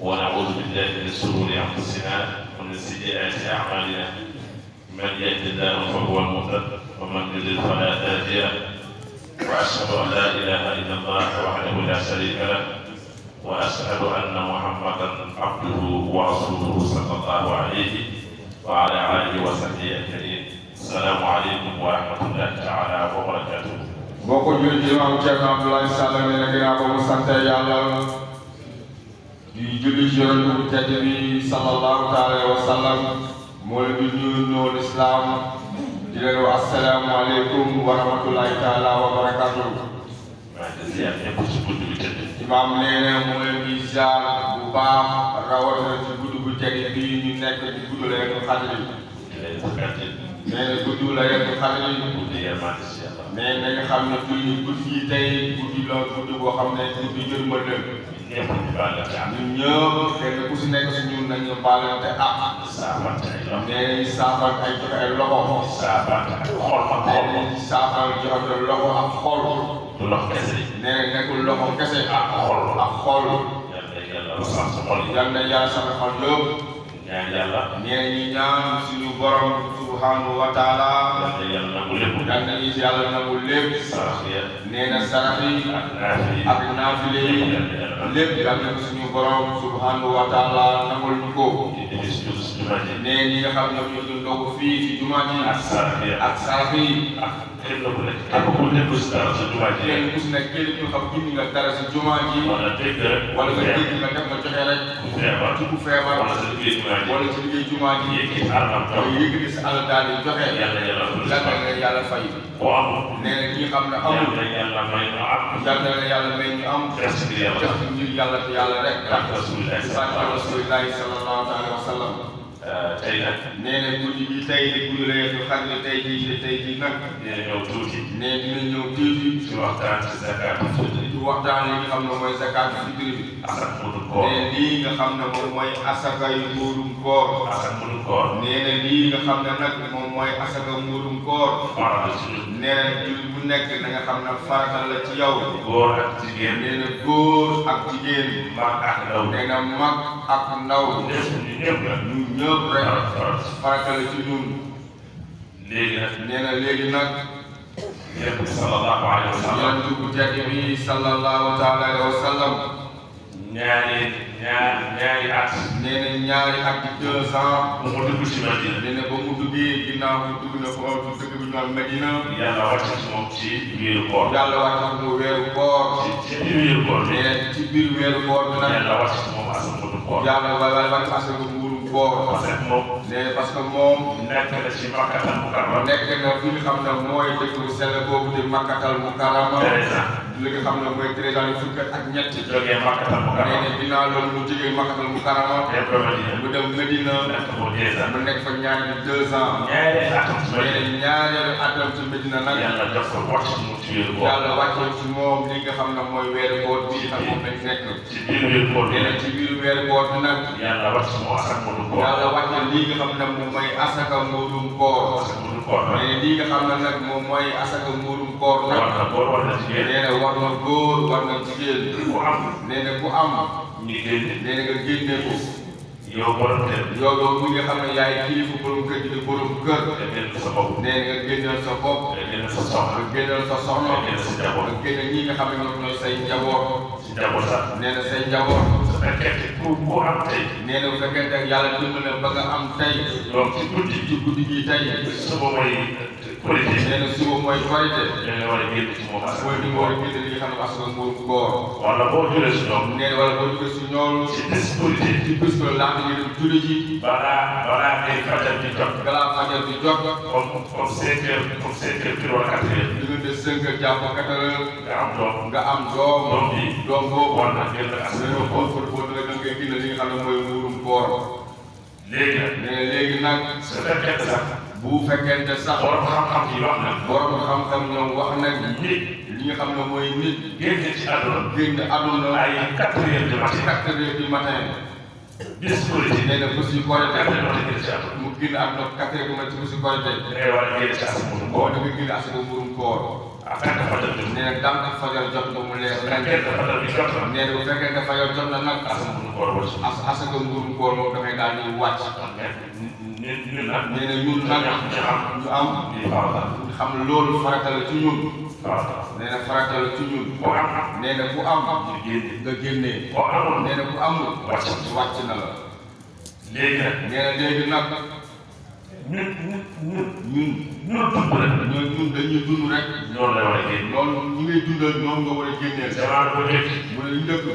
ونعوذ بالله من شرور انفسنا ومن سيئات اعمالنا من يهد الله فهو المهتد ومن يضلل فلا هادي واشهد ان لا اله الا الله وحده لا شريك له واشهد ان محمدا عبده ورسوله صلى الله عليه وعلى اله وصحبه اجمعين السلام عليكم ورحمه الله تعالى وبركاته bokku julli imam ceerno abdoulaye sall ne na ginnaaw ba mu di julli ci yoon bu tedd bi sallallahu taala wa sallam di nuyu noo lislaam di leen wax taala wa barakatuh. imaam nee na moo leen di ziar bu baax rawatina ci guddi bu tedd bi ñu nekk ci guddi leen xadri nee na guddu la nga xam ne. guddi yërmande si yàlla. nee na nga xam ne fii guddi yi tey guddi lool guddi boo xam ne guddi yërmande la. ñëpp ñu baal la jàmm. ñun ñëpp kenn ku si nekk si ñun nañu baalante ak. ah ay ah. loxo. nee nañu saafante ay joxe ay loxo. saafante ak xol ak xol. nee nañu saafante joxe loxo ak xol. du loxo kese. nee na nekkul loxo kese ak xol ak xol. yal na yàlla sax xol yëpp. ñaan yàlla. nee ñu ñaan suñu borom. subhanahu wa taala. yàlla na mu lépp. yàlla na ñu yàlla na mu lépp. sarax ya. nee na sarax yi. ak naafile yi ak naafile yi. lépp yàlla na ko suñu borom subhanahu wa taala nangul ñu ko. jumaa ji ñi nga xam ne ñoo jëndoo ko fii ci jumaa ji ak saafi ak saafi ak kenn ku nekk ak ku nekk si dara si jumaa ji kenn ku si nekk kenn ñu xam bind nga dara si jumaa ji wala dégg wala nga dégg nga def nga joxe rek ku feebar ku feebar wala sa liggéey jumaa ji wala sa liggéey jumaa ji yëkkati sa alal daal yëkkati sa alal daal di joxe yàlla yàlla yàlla fay ko am nee na ñi xam ne amul yàlla may ñu am yàlla yàlla may ñu am jox ngir yàlla yàlla rek ak rasulillah sallallahu alayhi wa sallam Euh, tey nag nee na guddi gi tey di guddi la ñu xam ne tey jii tey jii nag. dina ñëw tuuti. nee dina ñëw tuuti. ci waxtaan ci zakat waxtaan li xam ne mooy zakat fitri bi asak mudul koor nee lii nga xam na lii nga xam ne nag moom koor farata ci ñun nee na jul bu nekk na nga xam ne farata la ak jigéen nee ak ak ndaw nee na mag yonent bi sallallahu alayhi wa sallam yonent bu tedd bi sallallahu taala alayhi wa sallam ñaari ñaari ñaari at nee na ñaari at di deux ans bu mu dugg ci Madina nee na ba mu duggee ginnaaw bi dugg na ko dëkk bi noonu Madina yàlla wàcc ci moom ci biiru koor yàlla wàcc mu weeru koor ci biir weeru koor bi nee ci biir weeru koor bi nag yàlla wàcc ci moom asal nguuru koor yàlla wàcc asal nguuru koor moom nee parce que moom. nekk na ci makkatal mu karama. nekk na fi nga xam ne mooy dëkk bu sell boobu di makkatal mu karama. li nga xam ne mooy treize ans fukk ak ñett. jógee makkatal mu karama. nee na ginnaaw loolu mu jógee makkatal mu karama. mu dem Medina. mu nekk fa ñaari deux ans. ñaari atam ci Medina ñaari atam ci Medina nag. yàlla def ko wàcc mu ci wéeru koor. yàlla wàcce ci moom li nga xam ne mooy weeru koor bi ak moom lañ nekk. ci biir weeru koor bi. nee na ci biir weeru koor bi nag. yàlla wàcc moo asal mu lu koor. yàlla wàcce lii xam ne moom mooy asaka mbuurum koor. asaka mbuurum koor ah. mais lii nga xam ne nag moom mooy asaka mbuurum koor la. war na góor war na jigéen. nee na war na góor war na jigéen. ku am nee na ku am. ñu génne nee na nga génne ko. yow borom kër. yow loolu mi nga xam ne yaay kilifa borom kër gi di borom kër. nga génne sa bopp. nee na nga génneel sa bopp. nga génneel sa soxna. nga génneel sa soxna. nga génneel sa njaboot. nga génne ñi nga xam ne ñoom ñooy say njaboot. si njaboot sax. nee na say njaboot. fekkente pour ku am tey. nee na bu fekkente ak yàlla dimbali ba nga am tey. donc ci guddi ci guddi gi tey. suba mooy politique. Euh, nee na suba mooy korite. nee na war a génn ci moom askan. mooy li nga war a génn li nga xam ne askan moo góor. wala boo jëlee su ñoom. nee na wala boo jëlee su ñoom. ci bés politique. ci bés ba laata ñu dem julli ji. balaa balaa ngay fajar di jot. balaa fajar di jot. comme comme cinq heures comme cinq heures pile wala quatre heures. diggante sënk jàpp kataral nga am doom nga am doom boobu war na jël sa doom boobu boobu la nga xam ne mooy nag ne léegi na borom xam-xam ñoom wax génn bu ma ci bisu Korité. reewal génn ci asamuurum koor. da koy génn asamuurum que ah, fajar jot. nee fekkee ne fajar jot na nag. asamuurum koor wala koor moom dafay daal di wàcc. ñun nag. ñu am ñu am. ñu xam bu am. nga génnee. boo bu amul. wàcc na la. léegi nag nee nag. ñun ñun ñun. ñun ñun dund rek. ñun ñun dañuy dund rek. ñoo la war a génn. loolu ñi ngay dundal ñoom nga war a génneel. damaa ko def. mu ne ñu dëkk.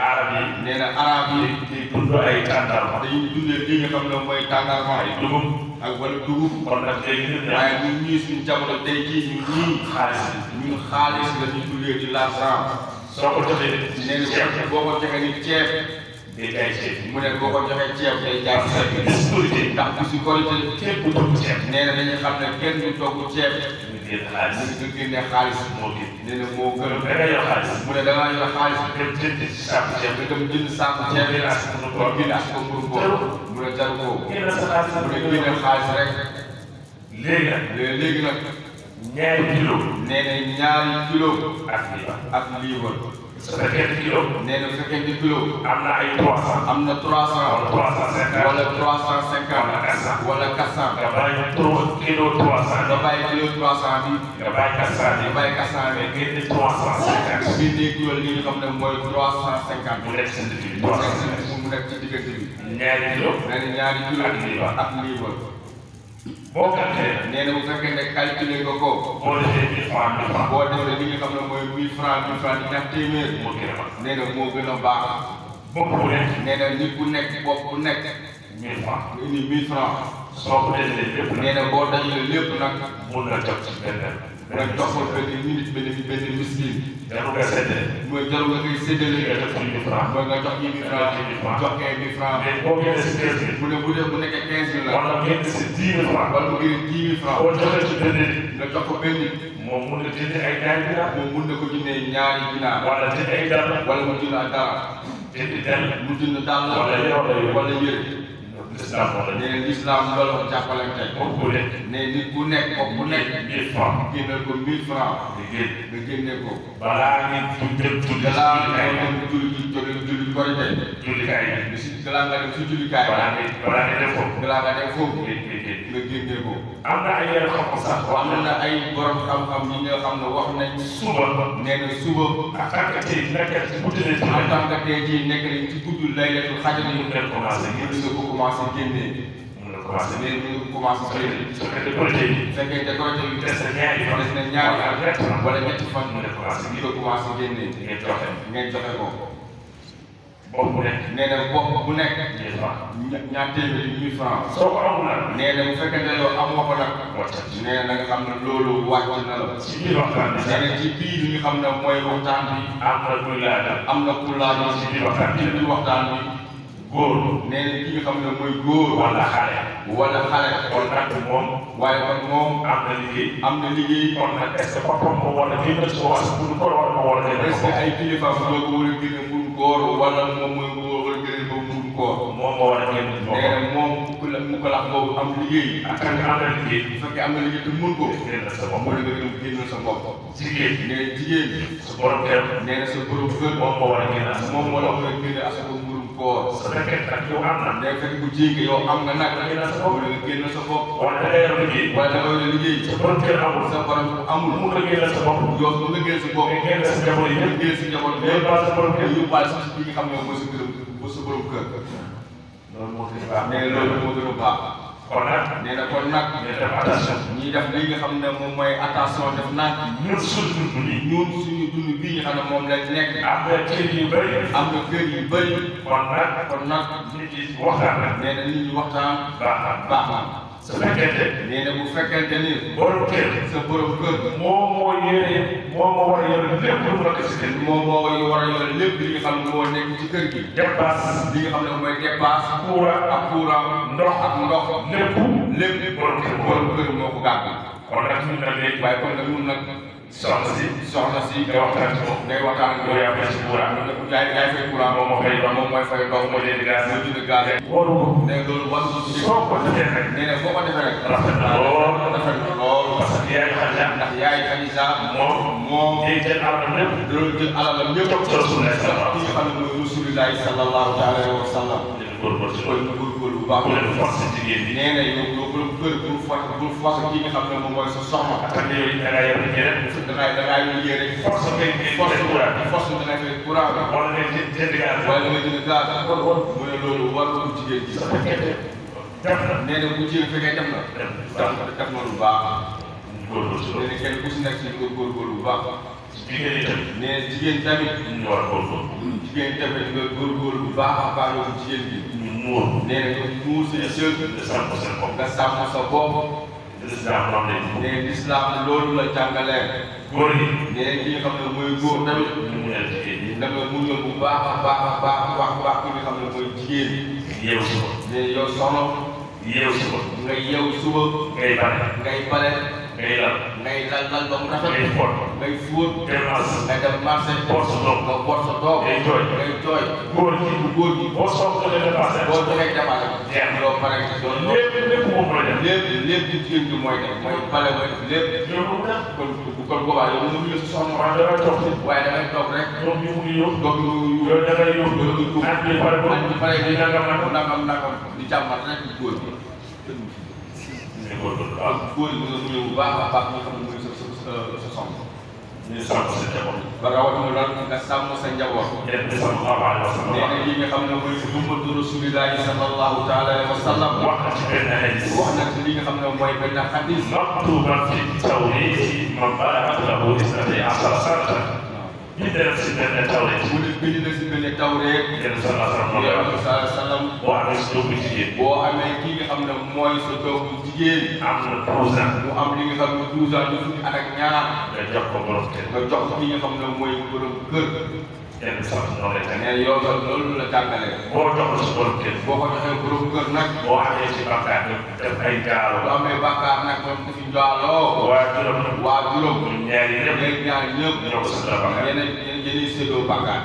arab yi. nee na arab yi. day dund ay tàndarma. dañuy dundee li nga xam ne mooy tàndarma yi. dugub ak wala dugub. kon nag tey ñun ñëpp. waaye ñun ñii suñu jamono tey jii ñun ñii. xaalis ñun xaalis la ñuy dundee di l'argent. soo ko defee. nee na boo ko defee ni ceeb. day jaay ceeb mu ne boo ko joxee ceeb day jaay ceeb bi. ndax bu si korite képp ku togg ceeb. nee na dañuy xam ne kenn du togg ceeb. mu génne xaalis mu génne xaalis. moo gën nee na moo gën. da nga yor xaalis. mu ne da ngaa yor xaalis. dem jënd si saaku ceeb. nga dem jënd saaku ceeb. mu génne as ko mu ko génne as ko mu ko. mu ne jaru ko. génne sa xaalis mu ne génne xaalis rek. léegi nag léegi nag. ñaari kilo. nee na ñaari kilo. ak lii ba ak lii ba. su fekkee ne kilo. nee na su fekkee ne kilo. am na ay trois cent. am na trois cent. wala trois cent cinquante. wala trois cent cinquante. wala quatre cent. wala quatre cent. nga bàyyi trois kilo trois cent. nga bàyyi kilo trois cent bi. nga bàyyi quatre cent bi. nga bàyyi quatre cent bi. génne trois cent cinquante. bi dee kilo li nga xam ne mooy trois cent cinquante. mu nekk ci diggante bi. mu nekk ci diggante bi. ñaari kilo. nee na ñaari kilo. ak lii ba ak lii ba. boo calculé. nee na bu fekkee ne calculé nga ko. boo defee mille francs mille francs. xam ne mooy mille francs mille francs di ñax téeméer. moo gën a baax nee na moo a baax. bopp bu nekk. nee na nit bu nekk bopp bu nekk. mille francs. nga indi mille francs. soo ko dajalee lépp na boo dajalee lépp nag. mun na jot ci benn nga joxoon benn minute benn benn miskin. jarul nga séddale. mooy jarul nga koy séddale. mooy nga jox kii bi franc jox kii bi franc. bu ne bu dee bu nekkee quinze mille la. wala mu génn si dix mille franc. wala mu génn dix mille franc. boo joxee ci benn nit. nga jox ko benn nit. moom mun na jënd ay ñaari ginaar. moom mun na ko jëndee ñaari ginaar. wala jënd ay dara. wala mu jënd dara. jënd dara. mu jënd dara. wala yore wala yore. jàppale ne l'islam loolu la jàppalante moom ku nekk ne nit ku nekk ko ku nekk mille franc génne ko mille franc nga génn nga génne ko balaa ngeen tuddee tuddee balaa ngeen julli julli julli koy tey jullikaay bi si balaa nga dem si jullikaay balaa ngeen balaa ngeen def foofu balaa nga dem foofu nga génne ko am na ay yeneen xam-xam sax am na ay borom xam-xam yi nga xam ne wax nañ suba nee na suba en tant que tey nekk ci guddi en tant que tey nekk nañ ci guddi laylatul xadr ñu commencé nga ko commencé ko génnee mun na commencé léegi ñu commencé sori su fekkee décolleté bi fekkee décolleté bi des na ñaari fan des na ñaari fan wala ñetti fan mun na commencé ñu ko commencé génnee ngeen joxe ngeen joxe ko bopp bu nekk nee na bopp bu nekk ñaar téeméeri mille francs soo ko amul nag nee na bu fekkee ne loo amoo ko nag nee na nga xam ne loolu wàcc na la ci biir waxtaan bi nee na ci biir ñu xam ne mooy waxtaan bi am na ku laaj am na ku laaj ci biir waxtaan bi góor nee na ki nga xam ne mooy góor. wala xale. wala xale. kon nag moom. waaye kon moom. am na liggéey. am na liggéey. kon nag est ce que papa moo war a génn si waas bu ko war a war a est ce que ay kilifa ñoo ko war a génne mu góor wala moom mooy góor wala génne ko mu góor. moom moo war a génn moom. nee na moom mu ko la mu ko la boobu am liggéey. ak kan am na liggéey. bu fekkee am na liggéey te mën ko. génn sa bopp mu dem génn sa bopp. jigéen nee na jigéen. sa borom kër. nee na sa borom kër. moom moo war a génn as moom moo la war a génne as ko sa fekkee nag yow am na. day fekk ku ji nga yow am nga nag. génn sa bopp wala génn sa bopp. wala da ngay yor liggéey. wala da ngay yor liggéey. sa borom kër amul. sa borom amul. mun nga génn sa bopp. yow mun nga génn sa bopp. nga génn sa njaboot yi nga génn sa njaboot yi. yóbbaale sa borom kër yóbbaale sa bi nga xam ne mooy sa borom kër. loolu moo gën a baax. mais loolu moo gën a baax. kon nag nee na kon nag ñuy def attention ñuy def li nga xam ne moom mooy attention def nag ñun suñu dund bi bii nga xam ne moom lañ nekk am na kër yu bëri am na kër yu bëri kon nag kon nag nit yi waxtaan nee na nit baax na su fekkente. nee na bu fekkente ni. borom kër. sa borom kër. moom moo yore moom moo war a yore lépp lu nekk si kër gi. moom moo war a yore lépp li nga xam ne moo nekk ci kër gi. dépasse. li nga xam ne mooy dépasse. courant ak courant. ndox ak ndox. lépp lépp borom kër borom kër moo ko gàgg. kon nag ñun nag léegi. waaye kon nag ñun nag. soxna si soxna si nga waxtaan ci moom ngay waxtaan ak moom yaa fay ci courant yaay yaay fay courant moom moo fay moom mooy fay ndox moo jënd gaz moo jënd gaz loolu war soo ko defee rek nee na boo ko defee rek rafet na lool rafet na lool parce que yaay Xadija ndax yaay Xadija moom moom day jël alalam lépp doon jël alalam ñëpp toog ci rasulullah sallallahu alayhi wa sallam góorgóorlu si loolu. góorgóorlu bu baax. bu leen forcé jigéen ñi. nee na yow yow bul kër bul forcé bul forcé ki nga xam ne moom mooy sa soxna. parce que yooyu da ngaa yor yére. da ngaa da ngaa yor yére. force ngay ngay force force dana koy courant. wala ngay jënd jënd gaal. wala ngay jënd gaal. mu ne loolu warul jigéen ji. def na nee na bu jigéen fekkee def na. def na lu baax. góorgóorlu si loolu nee na kenn ku si nekk si góorgóorlu bu baax. jigéen tamit. mais jigéen tamit. ñu war a góorgóorlu. jigéen tamit nga góorgóorlu bu baax a baax yow jigéen bi. ñu muur. nee na nga muur sa jël. nga sàmm sa bopp. nga sàmm sa bopp. lislaam am nañ. nee lislaam loolu la jàngalee. góor yi. nee ki ne mooy góor tamit. ñu munal jigéen ñi. da nga muñal bu baax a baax a baax a baax baax ki nga xam ne mooy jigéen ñi. yeewu suba. nee yow soxna. yeewu suba. nga yeewu suba. ngay bale. ngay bale. ngay lal. ngay lal lal ba mu rafet. ngay fóot ngay fóot. dem marché. nga dem marché. boor sa doom nga boor sa doom. ngay jooy ngay jooy. góor gi góor gi. boo soxlee dépassé. boo joxee dépassé. jeex loo pare ci doon lépp lépp moom la def. lépp lépp ci jigéen bi mooy def mooy bale mooy def lépp. ñoom kon kon boobaa yow mënuñu la soxna. waaw damay toog rek. waaye damay toog rek. doom yu muy yóbbu. doom yu muy yóbbu. yow da ngay yóbbu. yow da ngay yóbbu. at bi pare ko at bi pare ko. nangam nangam nangam di jàmbat rek góor gi. moo doon daal. góor yi nga ñëw bu baax a baax nga xam ne mooy sa sa sa sàmm. ñu sàmm sa njaboot. ba rawatina lool nga sàmm sa njaboot. yéen di sàmm awaari wa sallam. nee na lii nga xam ne mooy Muhammadu Rasulillahi sallallahu taala wa sallam. wax na ci benn xadis. wax na ci li nga xam ne mooy benn xadis. maktuban fi tawriid man balag lahu isnatay asara sanatan ñu def si benn tawreet. mu def bind na si benn tawreet. yéen sa boo amee sa doomu jigéen. boo amee kii nga xam ne mooy sa doomu jigéen. am na douze ans. mu am li nga xam ne douze ans ñu fukki at ak ñaar. nga jox ko borom kër. nga jox ko ki nga xam ne mooy borom kër. kenn sax noonu la tamit. mais yow loolu la jàngalee. boo joxul sa borom kër. boo ko joxee borom kër nag. boo amee ci bàkkaar def ay gaalo. boo amee bàkkaar nag moom dafi njaaloo. waa juróom. waa juróom. ñaari ñëpp ñaari ñëpp. ñoo ko sa bàkkaar. yéen a yéen a séddoo bàkkaar.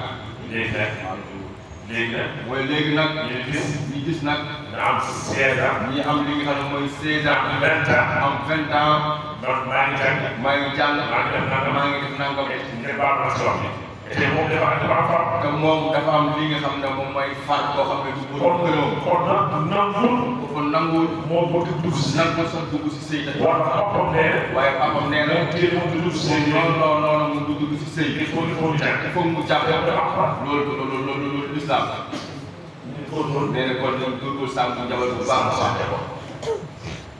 léegi nag. mooy léegi nag. ñu gis ñu gis nag. ñu am 16 ans. ñu am li nga xam ne mooy 16 ans. am 20 ans am 20 ans. donc maa ngi jàng. maa ngi jàng. maa ngi def nangam maa ngi def nangam. te baax na soxla. te moom dafa am dafa am far. te moom dafa am li nga xam ne moom mooy far boo xam ne du ko. kon kon nag nanguwul. kon nanguwul. moom moo dugg si. nangu sax dugg si sëy tamit. waaw papam nee na. waaye papam nee na. moom dugg si sëy non non non mu dugg si sëy. il faut il faut mu jàpp il faut mu jàpp loolu loolu loolu loolu islam la. nee na kon ñoom góorgóorlu sàmm bu njaboot bu baax a baax.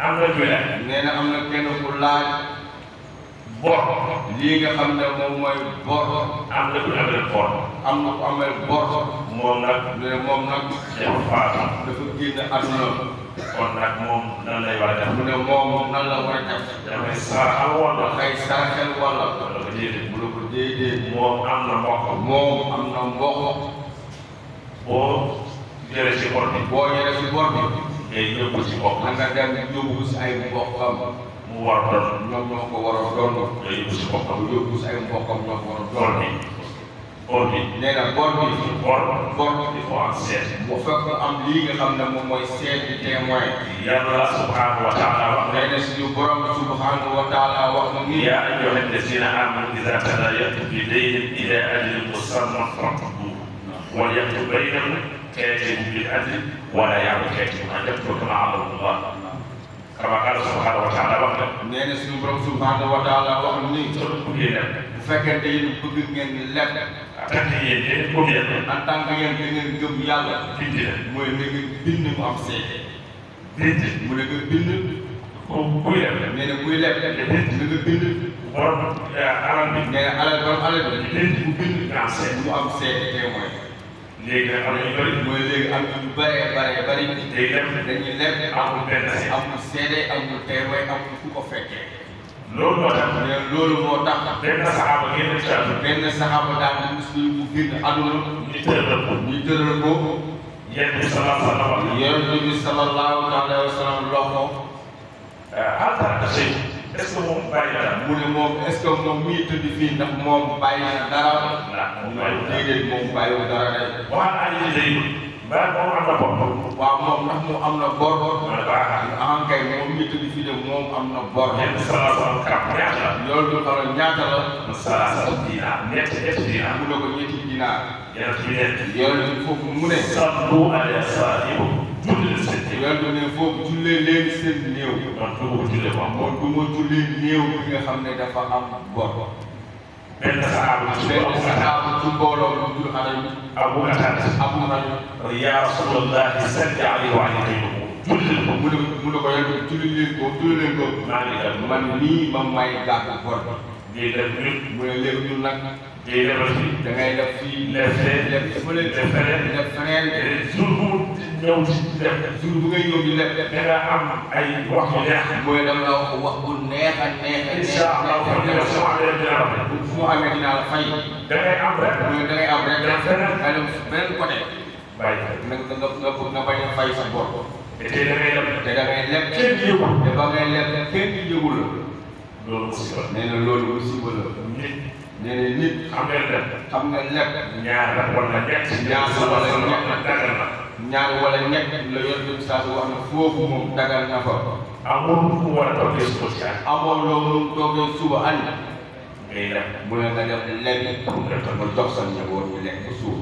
am na nee na am na kenn ku laaj. bor lii nga xam ne moom mooy bor am na ku amee bor am na ku amee bor moom nag mais moom nag dafa faatu dafa génn àdduna kon nag moom nan lay war a def mu ne moom moom nan la war a def damay saraxal wala kay saraxal wala wala ko déedéet mu ne ko déedéet moom am na mbokk moom am na mbokk boo jëre ci bor bi boo jëre ci bor bi ngay yóbbu ci bopp na nga dem yóbbu si ay mbokkam mu war a doon. ñoom ñoo ko war a doon. nga yóbbu si boppam. nga yóbbu si ay mbokkam ñoo ko war a doon. bor bi bor bi. nee na bor bi. bor bor bi moo am seet. bu fekk am lii nga xam ne moom mooy seet di témoin. yàlla subhanahu wa taala wax. nee na suñu borom subhanahu wa taala wax na ni. yaa ayyuha alladina amanu ida tadayantum bi daynin ila ajalin musamman faqduhu وليكتب بينهم كاتب بالعدل ولا يعمل كاتب ان يكتب ما عمل الله kama qaala subhaanahu wa taala wax na. nee na suñu borom subhaanahu wa taala wax ni. soo ko bëggee dem. bu fekkente yéen bëgg ngeen ni leb. en tant que yéen yéen gëm yàlla. en tant que yéen da ngeen gëm yàlla. bind la mooy da ngeen bind mu am seede. bind mu ne nga bind. kooku kuy leb la. nee na kuy leb la. bind na nga bind. borom eh, alal bi. nee na alal borom alal bi. bind mu bind. mu am seede témoin. léegi nag am na ñu bëri. mooy léegi am na ñu bëree bëree day lem dañuy lem amul benn amul seede amul teewe amul ku ko fekkee loolu moo tax loolu moo tax benn saxaaba génn ci àdduna benn saxaaba daal di muslim bu génn àdduna ñu tëral ko ñu tëral ko yéen bi sallallahu yéen bi sallallahu alayhi wa sallam loxo alta sëy est ce que moom bàyyi dara mu ne moom est ce que moom muy tëdd fii ndax moom bàyyi dara déedéet moom bàyyiwul dara de waxaat ay baax moom am na bor. waaw moom ndax mu am na bor. wala baax ah kay moom mi tëdd fii de moom am na bor. yenn salaasala kàpp ñaata la. loolu du xaral ñaata la. salaasala dinaar ñetti ñetti dinaar. mu ne ko ñetti dinaar. yàlla ci ñetti. yàlla ci foofu mu ne. sàbbu ala saahibu. julli seen néew. yàlla ne foofu jullee leen seen néew. man du ma jullee moom. moom du ma jullee néew bi nga xam ne dafa am bor. benn saxaabu ci benn saxaabu ci mbooloo mu jur xale bi abu atat abu atat yaa rasulallahi salli alayhi wa alihi mu ne ko mu ne mu ne ko yàlla julli leen ko julli leen ko maa ngi dal man nii ma may gàtt bor bi day def ñun mu ne léegi ñun nag day defal fii da ngay def fii lef fee lef fële lef feneen lef feneen jour bu ñëw ci def suñu bu ngay ñëw di def da am ay wax yu wax wax bu neex a neex a allah wax dëgg yàlla sama amee dina la fay. fu mu amee dina la fay. da ngay am rek. da am rek. beneen beneen côté. bàyyi na nga nga nga bañ a fay sa bor. te da ngay leb. te da ngay leb kenn di yëgul. nee nit. xam nga lépp. xam nga ñaar wala na. ñaar wala ñett la yor bi saa su wax na foofu moom dagal na fa. amul a toogee suba si àll. amoo loolu toogee suba ne nga def lenn pour nga sa njaboot bi lekk suuf.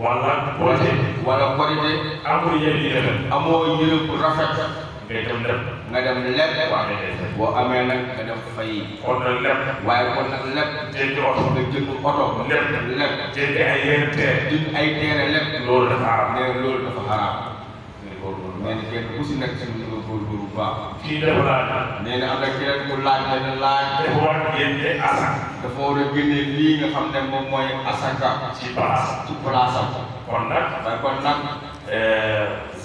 wala côté. wala côté. amul yéen yéen. amoo yéen bu rafet. ngay def lépp. nga def lépp waaw. boo amee nag nga def fay. kon nag lépp. waaye kon nag lépp. jënd oto nga jënd oto. lépp lépp. jënd ay yeneen teer. jënd ay teere lépp. loolu dafa xaraam. nee loolu dafa xaraam. nee na kenn ku si nekk si lu nga góorgóorlu bu baax. kii dafa laaj. nee na am na keneen mu laaj benn laaj. dafa war a génne asaka. dafa war a génne lii nga xam ne moom mooy asaka. ci place ci place am. kon nag. kon nag.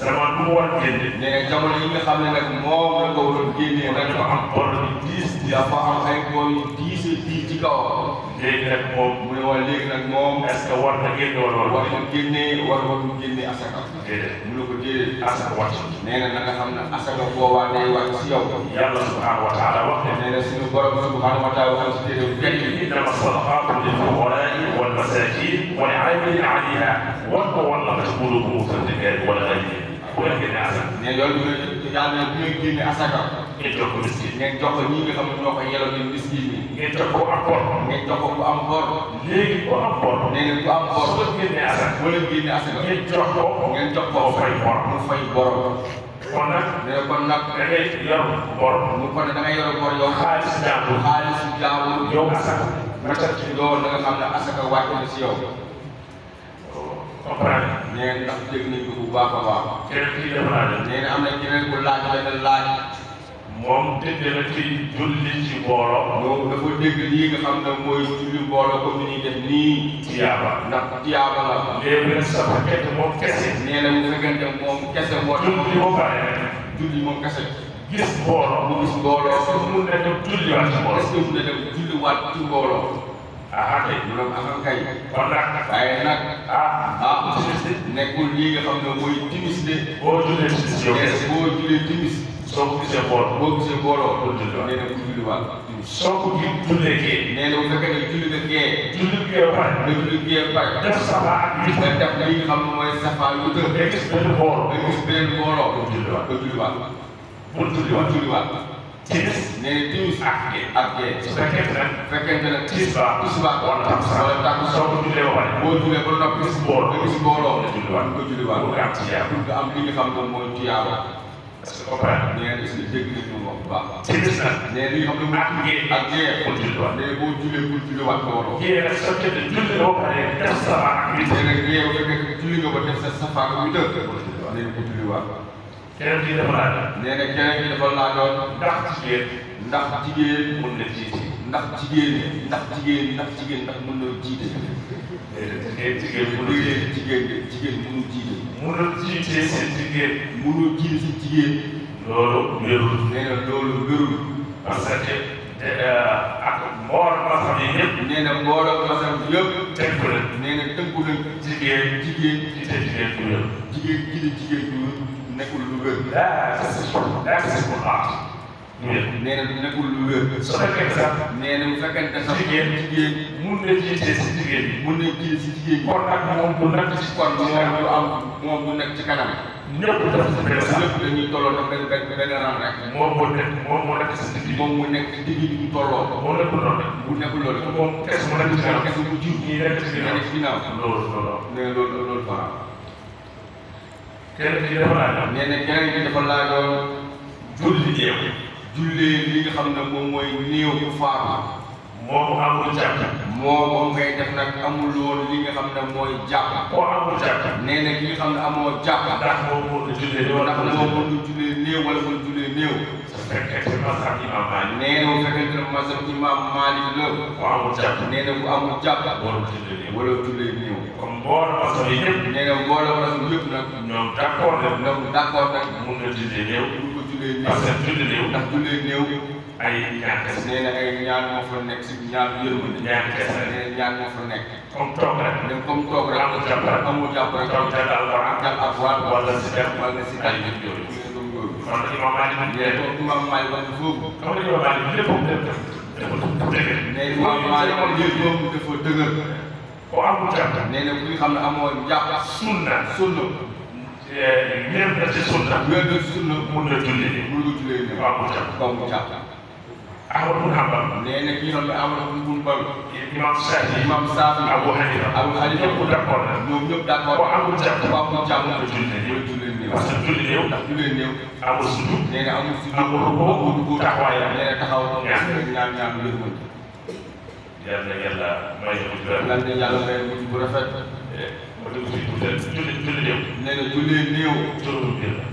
vraiment lu mu war a génne. mais jamono yi nga xam ne nag moom la ko war a génnee rek dafa am bool yu diis. dafa am ay bool yu diis diis ci kaw. léegi nag moom. mu ne waa léegi nag moom. est-ce que war na génne wala war na génne war warul génne asaka. déedéet mu ne ko déedéet. asaka wàcc. nee na nga xam ne asaka boobaa day wàcc si yow. yàlla subhaanahu wa taala wax ne. nee na suñu borom subhaanahu wa taala wax ne si déedéet. innama sadaqaatu lil fuqaraa'i wal masaakiin wal 'aamiliina 'alayhaa wal muwallafati quluubuhum fi d-diraari wal ghaarimin bu la génne asaka. mais loolu dina daal ne bu ñu génne asaka. ngeen jox ko miskin. ngeen jox nga jox ko ko am bor. léegi ku am bor. nee na ku am bor. bu la génne asaka. bu la génne asaka. ngeen jox ko. ngeen jox ko fay bor mu fay bor. kon nag. nee na kon nag. da ngay yor bor. mu kon da ngay yor bor yow. xaalis nga tax ci loolu nga xam na si yow. comprendre. nee na ndax dégg nañ ko bu baax a baax. keneen laaj. am na keneen ku laaj benn laaj. moom dégg na ci julli ci mbooloo. moom dafa dégg lii nga xam ne mooy julli mbooloo comme ni ñuy def nii. tiyaaba ndax tiyaaba la. léegi moom kese. nee na mu fekkente moom kese moo. julli moom kese. gis mbooloo. mu gis mbooloo. est-ce que mun na dem julliwaat ci mbooloo. ah kay juróom am na kay. kon nag waaye nag. ah ah nekkul lii nga xam ne mooy timis de. boo jullee timis yow. boo jullee timis. soo ko gisee booloo. boo gisee booloo. boo julliwaat nee na bu julliwaat. soo ko jullee gee. nee na bu fekkee ne julli nga gee. julli gee pare. nga julli gee pare. def safa ak li nga def li nga xam ne mooy safa lu tër. nga gis benn booloo. nga gis benn booloo. boo julliwaat boo julliwaat. boo julliwaat boo julliwaat. tiis nee na tiis ak gee ak gee su fekkente ne fekkente ne tiis tisbaar wala takkusaan soo ko jullee ba pare boo jullee ba noppi gis mbooloo nga gis mbooloo nga julliwaat nga julliwaat nga am tiyaaba pour nga am li nga xam ne mooy tiyaaba parce que coopérative nee na suñu dégg nañ moom wax bu baax. tiis nag nee na li nga xam ne ak gee ak gee boo julliwaat nee na boo jullee bul julliwaat nga waroo. gee nag soo jëlee julli nga ba pare def sa safa ak witte. nee na gee bu fekkee julli nga ba def sa safa ak witte nee na bu julliwaat keneen kii dafa laajoon. nee na keneen kii dafa laajoon. ndax jigéen. ndax jigéen mun na jiite. ndax jigéen ndax jigéen ndax jigéen ndax mën na jiite. jigéen jigéen mënul jiite jigéen jigéen mënul jiite. mënul jiite seen jigéen. mënul jiite seen jigéen. loolu wérul. nee na loolu wérul. parce que te ak mboor masam yi yëpp. nee na mbooloo masam yëpp. tënku la nee na tënku la. jigéen jigéen jiite jigéen bu wér. jigéen jiite jigéen bu wér. nekkul lu wér. daa daa nekkul ah. nee na nekkul lu wér. su fekkee sax. nee na bu fekkente sax. jigéen jigéen mun na jiite si jigéen ñi. mun na jiite si jigéen ñi. kon nag moom bu nekk ci kon moom bu am moom bu nekk ci kanam. ñëpp dafa si benn sax ñëpp dañuy tolloo dafa benn benn benn ram rek. moom moo nekk moom moo nekk si digg. moom mu nekk ci digg bi ñu tolloo. moo nekkul loolu. bu nekkul loolu. moom kese mu nekk ci ginnaaw kese bu jur ñii nekk ci ginnaaw. loolu loolu. nee na loolu loolu faa. keneen bi dafa laajoon. nee na keneen bi dafa laajoon. julli néew. julli li nga xam ne moom mooy néew bu faatu. moomu amul jàpp. moomu ngay def nag amul woon li nga xam ne mooy jàpp. moo amul jàpp. nee na ki nga xam ne amoo jàpp. ndax moo mën a jullee néew. ndax moo mën a jullee néew wala mën a jullee néew. fekkee ci masab imam Maalik. nee na bu fekkee ne masab imam Maalik la. ku amul jàpp. nee na ku amul jàpp. wala jullee néew. wala jullee néew. comme mbooloo masab yi yëpp. nee na mbooloo masab yëpp nag. ñoom d' accord nag. ñoom d' accord nag. mun na jullee néew. jullee néew parce que julli néew ndax jullee néew ay ñaan kese nee na ay ñaan moo fa nekk si ñaan yërmande ñaan kese nee na ñaan moo fa nekk comme toog rek ne comme toog rek amul jàpp rek amul jàpp nee na kuy xam ne amoo sunna sunna léer eh, na ci sunna. léer na ci sunna. mun na julli. mun na julli nii waaw mu jàpp. waaw mu jàpp. Ahmad bun Hanbal. nee na kii xam ne Ahmad bun Hanbal. Imam Saafi. Imam Saafi. Abu Hanifa. Abu Hanifa ñëpp d'accord na. ñoom ñëpp d'accord. waaw amul jàpp. waaw amul jàpp mun na julli nii. mun na julli nii parce que julli néew. ndax julli néew. amul sudu. nee na amul sudu. amul rubo amul rubo taxawaayam. nee na taxaw ñaan ñaan lu mën. yàlla na yàlla may bu rafet. yàlla na yàlla may bu rafet. Eh. ba dugg ci bu la.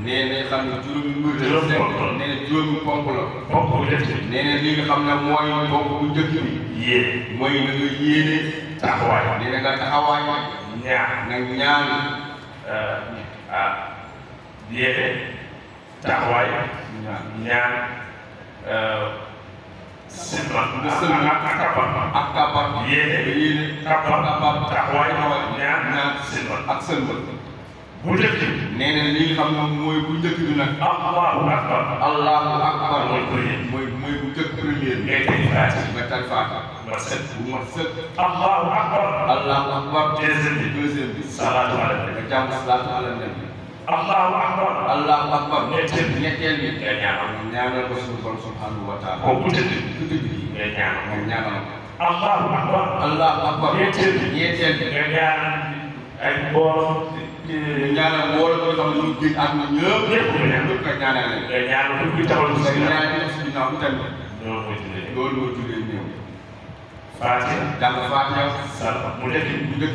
nee na xam nga juróomi biir la. juróomi ponk la nee na juróomi ponk la. xam ne mooy ponk bu njëkk bi. mooy nga nga taxawaay nee na nga taxawaay. ñaar nga ñaan. Euh, ah yéene. taxawaay. ñaan ñaan. Euh, sidra nga sëlmu ak kabar ak kabar yéene yéene kabar kabar taxawaay ñaan ñaan sidra ak sëlmal bu njëkk nee na li xam ne mooy bu njëkk bi nag allahu akbar allahu akbar mooy premier mooy mooy bu njëkk premier ngay tey faati nga tey faati ma set bu ma set allahu akbar allahu akbar deuxième bi deuxième bi salaatu ala nabi nga jàng salaatu ala nabi allahu akbar allahu akbar ñetteel bi ñetteel bi nga ñaanal nga ñaanal ko suñu borom subhanahu wa taala ko ku tëdd ku tëdd bi nga ñaanal nga ñaanal allahu akbar allahu akbar ñetteel bi ñetteel bi nga ñaanal ay mbooloo nga ñaanal mbooloo ko xam ñu gën ak na ñëpp ñëpp nga ñaanal nga ñaanal nga ñaanal ku bi taxaw ci nga ñaanal ci ginnaaw ku tamit loolu mooy tuddee loolu mooy tuddee ñëw Fatiha jàng Fatiha mu def mu def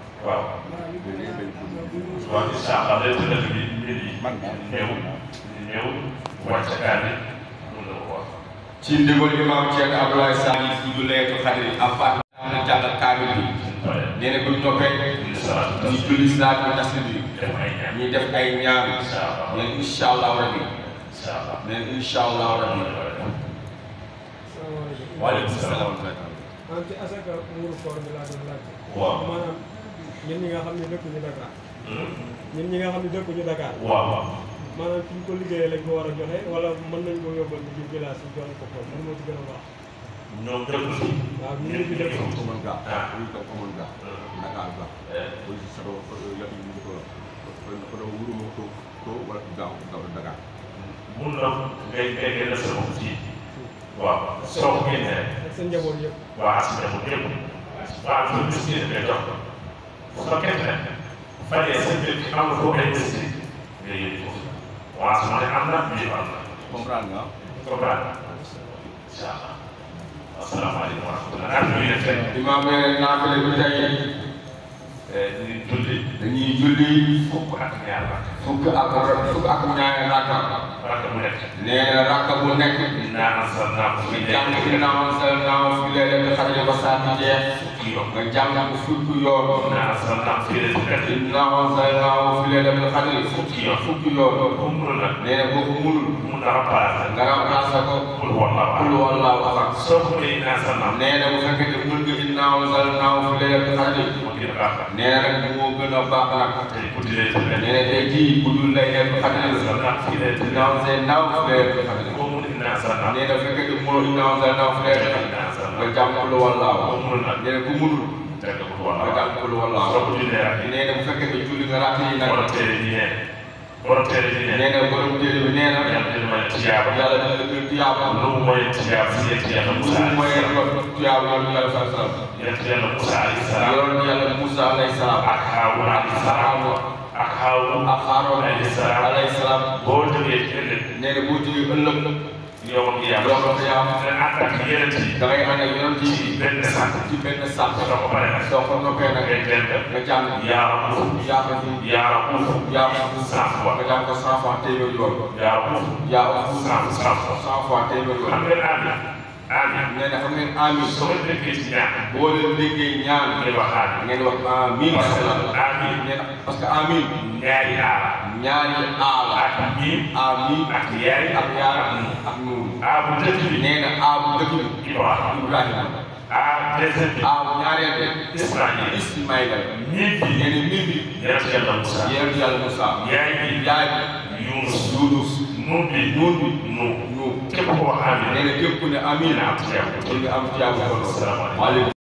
waaw. waaw incha allah ci ndigal imaam Cheikh Abdoulaye Sall yi tudd leetu xarit ab fàtt na bi. nee na bu ñu toppee. ñu julli saa bi tas def ay ñaan. nee na incha rabbi. ñun ñi nga xam ne dëkkuñu Dakar. ñun ñi nga xam ne dëkkuñu ñu ko liggéeyee lañ ko war a joxe wala mën nañ ko yóbbal ci a baax. ñoom na si. waaw ñu ngi fi def ko ko mën gaa. waaw ñu ngi si sa bopp yàlla ñu ngi ko ko doon wóoru a sa bopp ci. njaboot yëpp. bu ko kenn nag bu fajee sa mbir mi am na foo koy gëstu nga yëg ko waaw su ma ne am na mbir am na. comprendre nga comprendre nga incha allah asalaamaaleykum wa rahmatulah. di ma amee naafale bi tey dañuy julli. dañuy julli fukk ak ñaar rakka. fukk ak fukk ak ñaar rakka. rakka bu nekk. nee na rakka bu nekk. naan sal naa ko. nga jàng ci naan sal naa ko fi léeg-léeg xam ne ba saa di jeex. fukki yoon nga jàng ko fukki yoon. naan sal naa ko fi léeg-léeg. naan sal naa ko fi léeg-léeg xam ne fukki yoon. fukki yoon. bu mu mënul nag. nee na boo ko mënul. mu nga remplacé. nga remplacé ko. pour wàllu wàllu. pour wàllu wàllu. soo ko mënee naan sal naa ko. nee na bu fekkee ne mën innaa anzalnaahu fi laylatil qadri nee rek moo gën a baax nag nee na tey jii bu dul laylatil qadri innaa anzalnaahu fi laylatil qadri nee na fekk di moo innaa anzalnaahu fi laylatil qadri nga jàmm lu wallaahu nee na ku munul nga jàmm lu wallaahu nee na bu fekkee ne julli nga ràkk yi nag borom téere bi nee na nee na borom téere bi nee na. yàlla dina mën a tiyaaba yàlla dina dina tiyaaba. lu mu mooy tiyaaba si yéen yàlla Moussa. lu mu mooy tiyaaba yàlla yàlla saa salaam. yéen yàlla Moussa alayhi salaam. yoroon yàlla Moussa alayhi salaam. ak Haarun alayhi salaam. ak Haarun. ak Haarun alayhi salaam. alayhi salaam. boo jógee ëllëg. nee na boo jógee ëllëg. yowmal qiyaam yowmal qiyaam da nga ànd amiin nee na xam ngeen amiin. soo ko déggee ci ñaan. boo leen déggee ñaan. ngeen wax amiin ngeen wax amiin. amiin nee na parce que amiin. ñaari aala. ñaari aala. ak miim. amiin ak yaay ak yaar ak nuun. aabu dëkk bi nee na aabu dëkk bi. Ibrahima. aabu deuxième bi. aabu ñaareel bi. Ismaïla. Ismaïla. miim bi nee na miim bi. yàlla yàlla Musa. yàlla yàlla Musa. yaay bi yaay bi. Yunus. Yunus. nobbi nobbi no yo képp ko wax amin nee na képp ku ne amin am tiyaab ku ne am tiyaab ko salaamaaleykum